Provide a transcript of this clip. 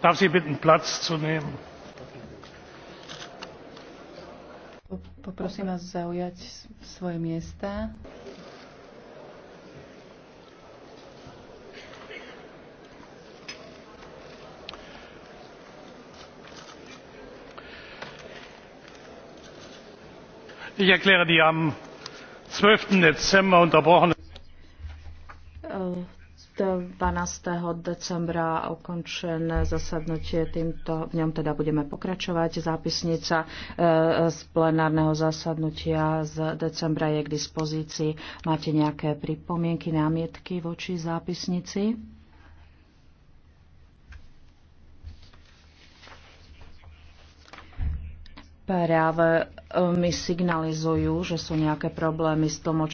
darf sie bitten platz zu nehmen. Poprosím vás zaujať svoje miesta. Ich erkläre die am 12. Dezember unterbrochene äh, 12. decembra ukončené zasadnutie. Týmto v ňom teda budeme pokračovať. Zápisnica e, z plenárneho zasadnutia z decembra je k dispozícii. Máte nejaké pripomienky, námietky voči zápisnici? Práve e, mi signalizujú, že sú nejaké problémy s tlmočením.